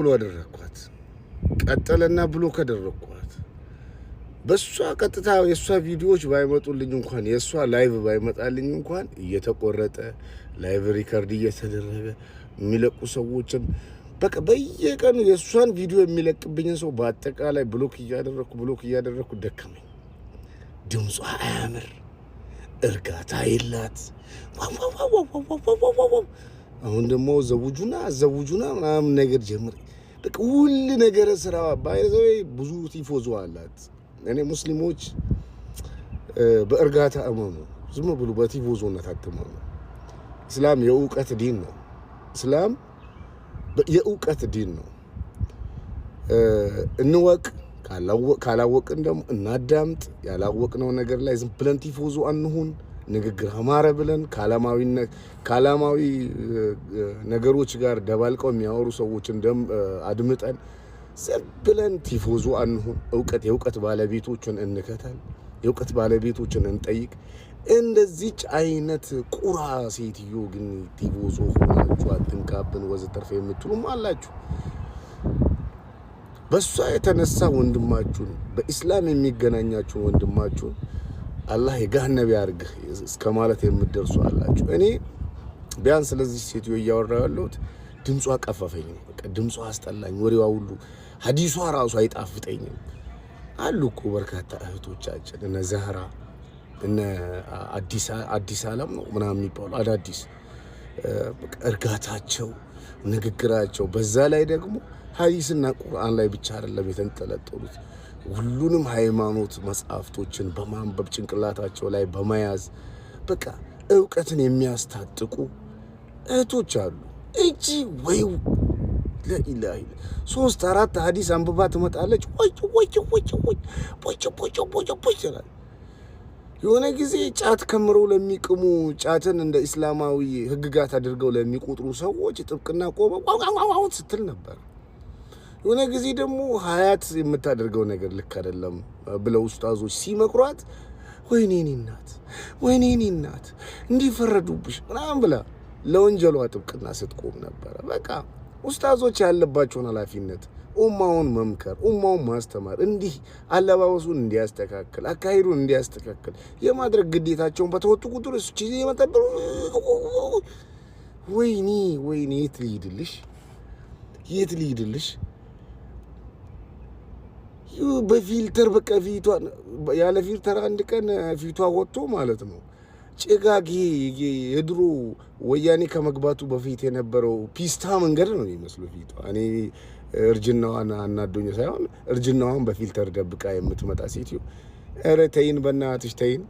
ብሎ አደረግኳት። ቀጠለና ብሎ ከደረግኳት በእሷ ቀጥታ የእሷ ቪዲዮዎች ባይመጡልኝ እንኳን የእሷ ላይቭ ባይመጣልኝ እንኳን እየተቆረጠ ላይቭ ሪከርድ እየተደረገ የሚለቁ ሰዎችን በቃ በየቀኑ የእሷን ቪዲዮ የሚለቅብኝን ሰው በአጠቃላይ ብሎክ እያደረግኩ ብሎክ እያደረግኩ ደከመኝ። ድምጿ አያምር፣ እርጋታ የላት። አሁን ደግሞ ዘውጁና ዘውጁና ምናምን ነገር ጀምር ሁሉ ነገረ ስራ ባይዘዌ ብዙ ቲፎዞ አላት። እኔ ሙስሊሞች በእርጋታ እመኑ፣ ዝም ብሎ በቲፎዞነት አትመኑ። እስላም የእውቀት ዲን ነው። እስላም የእውቀት ዲን ነው። እንወቅ፣ ካላወቅን ደግሞ እናዳምጥ። ያላወቅነው ነገር ላይ ዝም ብለን ቲፎዞ አንሁን። ንግግር አማረ ብለን ከዓላማዊ ነገሮች ጋር ደባልቀው የሚያወሩ ሰዎች እንደም አድምጠን ዝም ብለን ቲፎዞ አንሁን። እውቀት የእውቀት ባለቤቶችን እንከተል፣ የእውቀት ባለቤቶችን እንጠይቅ። እንደዚች አይነት ቁራ ሴትዮ ግን ቲፎዞ ሆናችሁ አትንካብን ወዘተርፈ የምትሉም አላችሁ። በእሷ የተነሳ ወንድማችሁን በኢስላም የሚገናኛችሁን ወንድማችሁን አላህ የጋህነብ ያርግህ እስከ ማለት የምትደርሱ አላችሁ። እኔ ቢያንስ ስለዚህ ሴትዮ እያወራ ያለሁት ድምጿ ቀፈፈኝ ነው። በቃ ድምጿ አስጠላኝ። ወሬዋ ሁሉ ሀዲሷ ራሱ አይጣፍጠኝም። አሉ እኮ በርካታ እህቶቻችን እነ ዛህራ እነ አዲስ አለም ነው ምናምን የሚባሉ አዳዲስ እርጋታቸው፣ ንግግራቸው በዛ ላይ ደግሞ ሀዲስና ቁርአን ላይ ብቻ አይደለም የተንጠለጠሉት ሁሉንም ሃይማኖት መጽሐፍቶችን በማንበብ ጭንቅላታቸው ላይ በመያዝ በቃ እውቀትን የሚያስታጥቁ እህቶች አሉ። እጂ ወይ ለኢላ ሶስት አራት ሀዲስ አንብባ ትመጣለች። ይችላል የሆነ ጊዜ ጫት ከምረው ለሚቅሙ ጫትን እንደ እስላማዊ ሕግጋት አድርገው ለሚቆጥሩ ሰዎች ጥብቅና ቆመ ስትል ነበር። የሆነ ጊዜ ደግሞ ሀያት የምታደርገው ነገር ልክ አይደለም ብለው ውስጣዞች ሲመክሯት ወይኔ እኔ እናት ወይኔ እኔ እናት እንዲፈረዱብሽ ምናምን ብላ ለወንጀሏ ጥብቅና ስትቆም ነበረ። በቃ ውስጣዞች ያለባቸውን ኃላፊነት ኡማውን መምከር፣ ኡማውን ማስተማር፣ እንዲህ አለባበሱን እንዲያስተካክል፣ አካሄዱን እንዲያስተካክል የማድረግ ግዴታቸውን በተወጡ ቁጥር እሱ የመጠበሩ ወይኔ ወይኔ የት ልሂድልሽ የት ልሂድልሽ በፊልተር በቃ ፊቷን ያለ ፊልተር አንድ ቀን ፊቷ ወጥቶ ማለት ነው ጭጋግ የድሮ ወያኔ ከመግባቱ በፊት የነበረው ፒስታ መንገድ ነው የሚመስሉ ፊቷ። እኔ እርጅናዋን አናዶኝ ሳይሆን እርጅናዋን በፊልተር ደብቃ የምትመጣ ሴትዮ። ኧረ ተይን፣ በእናትሽ ተይን።